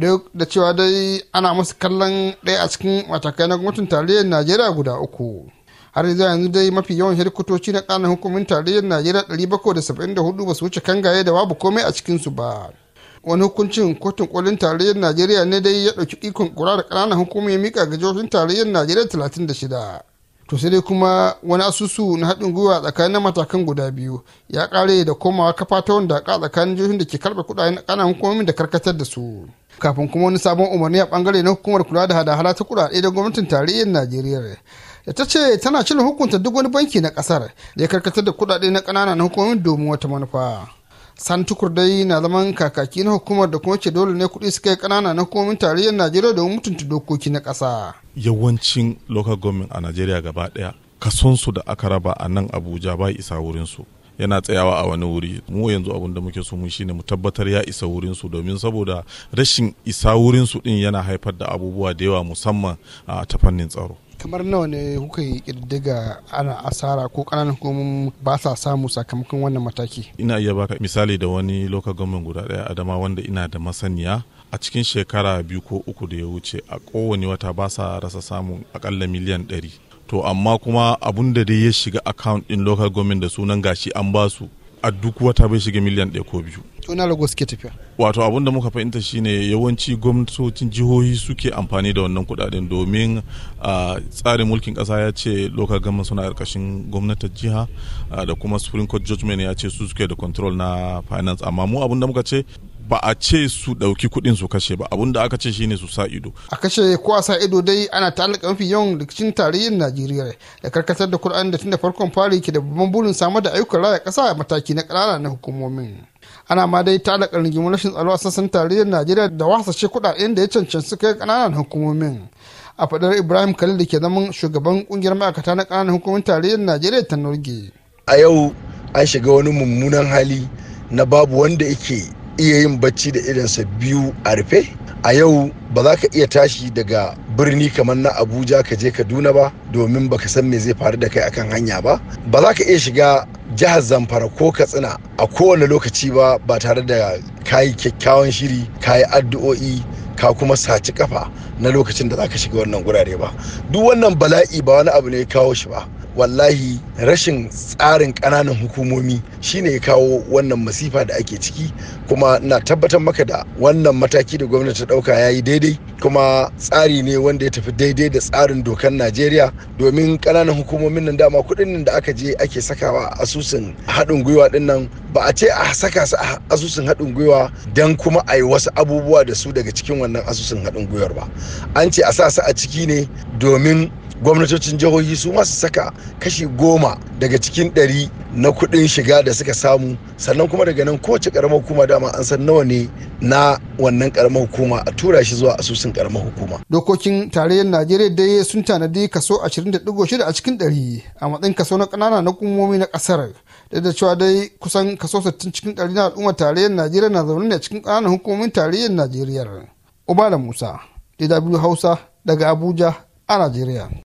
duk da cewa dai ana musu kallon ɗaya a cikin matakai na gwamnatin tarayyar najeriya guda uku har yanzu yanzu dai mafi yawan hirkutoci na ƙananan hukumin tarayyar najeriya Ɗari bakwai da da saba'in hudu ba su wuce kangaye da babu komai a cikinsu ba wani hukuncin kotun kolin tarayyar najeriya ne dai ya ɗauki ikon kura da ƙananan hukumomi mika ga jihohin tarayyar najeriya shida to sai dai kuma wani asusu na haɗin gwiwa tsakanin matakan guda biyu ya ƙare da komawa kafa ta wanda tsakanin jihohin da ke karɓe kuɗaɗen ƙananan hukumomin da karkatar da su kafin kuma wani sabon umarni a bangare na hukumar kula da hada-hada ta kudade da gwamnatin tarayyar najeriya da ta ce tana shirin hukunta duk wani banki na kasar da ya karkatar da kudade na na hukumomin domin wata manufa. tukur dai na zaman kakaki na hukumar da kuma ce dole ne kuɗi suka yi kanana na hukumomin tarayyar najeriya domin mutunta dokoki na kasa. yawancin local government a najeriya gaba ɗaya kasonsu da aka raba a nan abuja bai isa wurinsu yana tsayawa a wani wuri mu yanzu abun da muke so mu shine mu tabbatar ya isa wurin su domin saboda rashin isa wurin su din yana haifar da abubuwa da yawa musamman a ta fannin tsaro kamar nawa ne kuka yi ana asara ko kananan hukumomin ba sa samu sakamakon wannan mataki ina iya baka misali da wani local government guda ɗaya adama wanda ina da masaniya a cikin shekara biyu ko uku da ya wuce a kowane wata ba sa rasa samun akalla miliyan ɗari to amma kuma abun da dai ya shiga account din local government da sunan gashi an ba su a duk wata bai shiga miliyan ɗaya ko biyu. To na suke tafiya. Wato abun da muka fahimta shine yawanci gwamnatocin jihohi suke amfani da wannan kuɗaɗen domin tsarin mulkin kasa ya ce local government suna ƙarƙashin gwamnatin jiha da kuma Supreme Court judgment ya ce su suke da control na finance amma mu abun da muka ce ba a ce su ɗauki kuɗin su kashe ba abun da aka ce shine su sa ido a kashe ko a sa ido dai ana ta'allaka mafi yawan rikicin tarihin najeriya da karkatar da Kur'an da tun da farkon fari ke da babban burin samar da ayyukan raya ƙasa a mataki na ƙanana na hukumomin ana ma dai ta'allaka rigimin rashin tsaro a sassan tarihin najeriya da wasashe kuɗaɗen da ya cancanci kai ƙananan hukumomin a fadar ibrahim Kalil da ke zaman shugaban kungiyar ma'aikata na ƙananan hukumomin tarihin najeriya ta norge a yau an shiga wani mummunan hali na babu wanda yake iya yin bacci da irinsa biyu a rufe a yau ba za ka iya tashi daga birni kamar na abuja ka je kaduna ba domin baka san me zai faru da kai akan hanya ba ba za ka iya shiga jihar zamfara ko katsina a kowane lokaci ba ba tare da kayi kyakkyawan shiri kayi addu'o'i ka kuma saci kafa na lokacin da za ka shiga wannan gurare ba duk wannan bala'i ba wani abu ne ya kawo shi ba wallahi rashin tsarin ƙananan hukumomi shine ya kawo wannan masifa da ake ciki kuma na tabbatar maka da wannan mataki da gwamnati ta ɗauka ya yi daidai kuma tsari ne wanda ya tafi daidai da tsarin dokar najeriya domin ƙananan hukumomin nan dama kuɗin da aka je ake sakawa a asusun haɗin gwiwa ɗin nan ba a ce a saka su a asusun haɗin gwiwa don kuma a yi wasu abubuwa da su daga cikin wannan asusun haɗin gwiwar ba an ce a sa su a ciki ne domin gwamnatocin jihohi su masu saka kashi goma daga cikin ɗari na kuɗin shiga da suka samu sannan kuma daga nan kowace ƙaramar hukuma dama an san nawa ne na wannan ƙaramar hukuma a tura shi zuwa asusun ƙaramar hukuma. dokokin tarayyar najeriya dai sun tanadi kaso 20.6 a cikin ɗari a matsayin kaso na ƙanana na hukumomi na ƙasar duk da cewa dai kusan kaso 60 cikin ɗari na al'ummar tarayyar najeriya na zaune ne a cikin ƙananan hukumomin tarayyar najeriya. ubala Musa, DW Hausa daga Abuja a Najeriya.